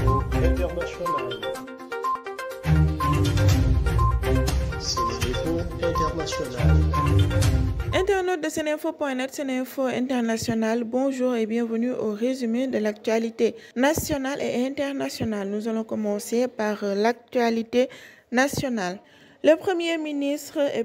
international. Ses infos international. Internaute de Séninfo.net, Séninfo International, de l'actualité nationale et internationale. Nous allons commencer par l'actualité nationale. Le Premier ministre et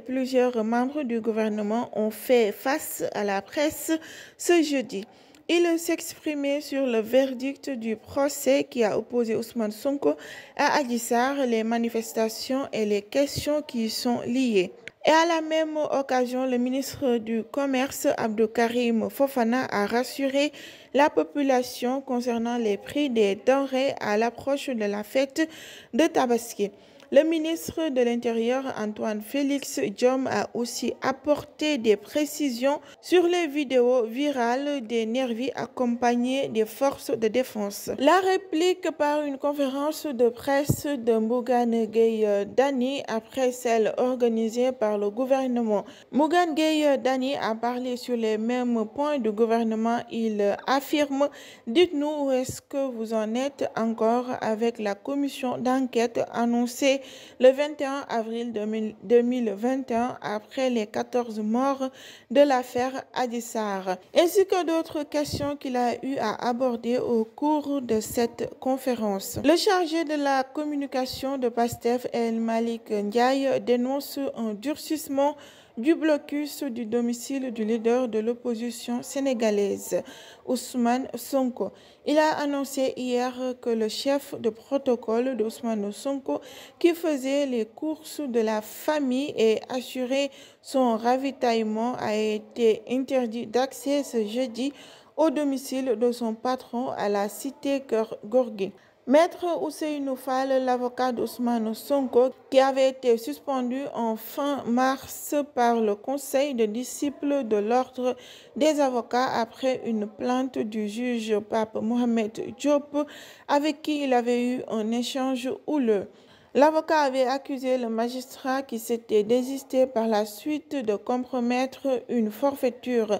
Il s'exprimait sur le verdict du procès qui a opposé Ousmane Sonko à Adissar, les manifestations et les questions qui y sont liées. Et à la même occasion, le ministre du Commerce, Abdou Karim Fofana, a rassuré la population concernant les prix des denrées à l'approche de la fête de Tabaski. Le ministre de l'Intérieur, Antoine Félix Diom, a aussi apporté des précisions sur les vidéos virales des nervis accompagnés des forces de défense. La réplique par une conférence de presse de Mougan Gueye Dani après celle organisée par le gouvernement. Mougan Gueye Dani a parlé sur les mêmes points de gouvernement. Il affirme « Dites-nous où est-ce que vous en êtes encore avec la commission d'enquête annoncée le 21 avril 2000, 2021 après les 14 morts de l'affaire Adissar, ainsi que d'autres questions qu'il a eu à aborder au cours de cette conférence. Le chargé de la communication de PASTEF, El Malik Ndiaye, dénonce un durcissement du blocus du domicile du leader de l'opposition sénégalaise, Ousmane Sonko. Il a annoncé hier que le chef de protocole d'Ousmane Sonko, qui faisait les courses de la famille et assurait son ravitaillement, a été interdit d'accès ce jeudi au domicile de son patron à la cité Gorgé. Maître Ousseinou Fall, l'avocat d'Ousmane Sonko, qui avait été suspendu en fin mars par le Conseil de disciples de l'Ordre des avocats après une plainte du juge Pape Mohamed Diop, avec qui il avait eu un échange houleux. L'avocat avait accusé le magistrat qui s'était désisté par la suite de compromettre une forfaiture.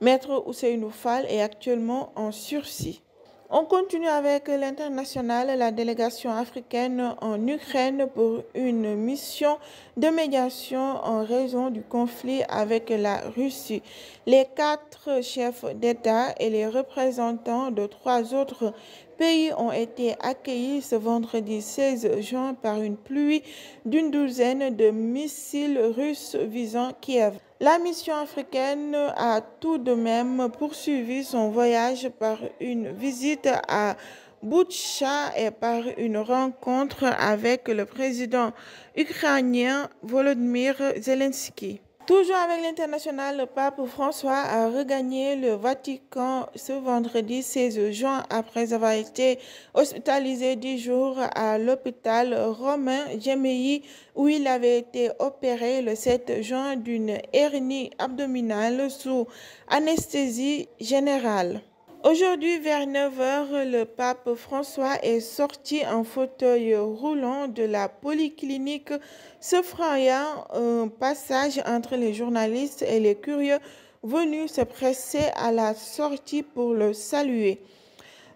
Maître Ousseinou Fall est actuellement en sursis. On continue avec l'international, la délégation africaine en Ukraine pour une mission de médiation en raison du conflit avec la Russie. Les quatre chefs d'État et les représentants de trois autres pays ont été accueillis ce vendredi 16 juin par une pluie d'une douzaine de missiles russes visant Kiev. La mission africaine a tout de même poursuivi son voyage par une visite à Boutcha et par une rencontre avec le président ukrainien Volodymyr Zelensky. Toujours avec l'international, le pape François a regagné le Vatican ce vendredi 16 juin après avoir été hospitalisé 10 jours à l'hôpital romain Gemelli où il avait été opéré le 7 juin d'une hernie abdominale sous anesthésie générale. Aujourd'hui, vers 9h, le pape François est sorti en fauteuil roulant de la polyclinique, se frayant un passage entre les journalistes et les curieux venus se presser à la sortie pour le saluer.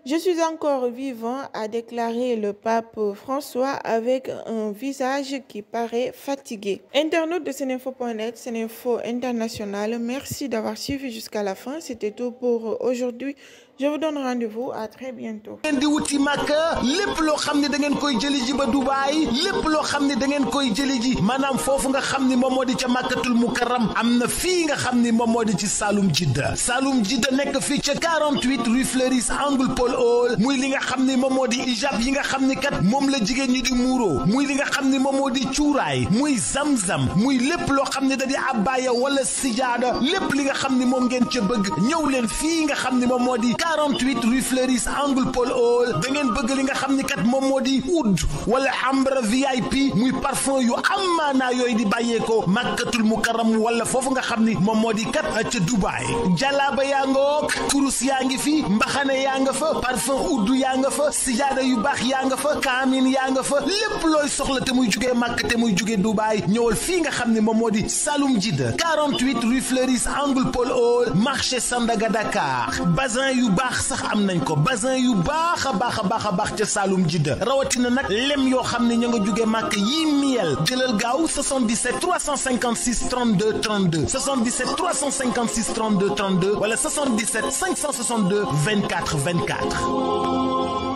Je suis encore vivant, a déclaré le pape François avec un visage qui paraît fatigué. Internaute de Seninfo.net, Seninfo International, merci d'avoir suivi jusqu'à la fin. C'était tout pour aujourd'hui. Je vous donne rendez-vous à très bientôt. ngeen di wuti màkka lépp loo xam ne da ngeen koy jëli ji ba Dubaay lépp loo xam ne da ngeen koy jëli ji maanaam foofu nga xam ni moom moo di ca màkkatul mukarram am na fii nga xam ni moom moo di ci Saloum Jidda Saloum Jidda nekk fii ca 48 rue Fleuris angle Paul lool óol muy li nga xam ni moom moo di ijab yi nga xam ni kat moom la jigéen ñi di muuro muy li nga xam ni moom moo di cuuraay muy zamzam muy lépp loo xam ne da di abbaaya wala sijaada lépp li nga xam ni moom ngeen ca bëgg ñëw leen fii nga xam ni moom moo di 48 rue Fleuris angle Paul Hall da ngeen bëgg li nga xam ni kat moom moo di oud wala ambre VIP muy parfum yu amaanaa yooyu di bàyyeekoo makkatul mukarram wala foofu nga xam ni moom moo di kat ca Dubaay jalaaba yaa nga wook kurus yaa ngi fi mbaxane parfum uddu yaa nga fa sijaada yu baax yaa nga fa kaamin yaa nga fa lépp looy soxla te muy jugee Màkk te muy jugee Dubaay ñëwal fii nga xam ne moom moo di Saloum Jide 48 rue Fleuris angle Paul Hall marché Sandaga Dakar bazin yu baax sax am nañ ko bazin yu baax a baax a baax a baax ca Saloum Jide rawatina nag lem yoo xam ne ña nga jóge màkk yii miel jëlal gaaw 77 356 32 32 77 356 32 32 wala 77 562 lettres.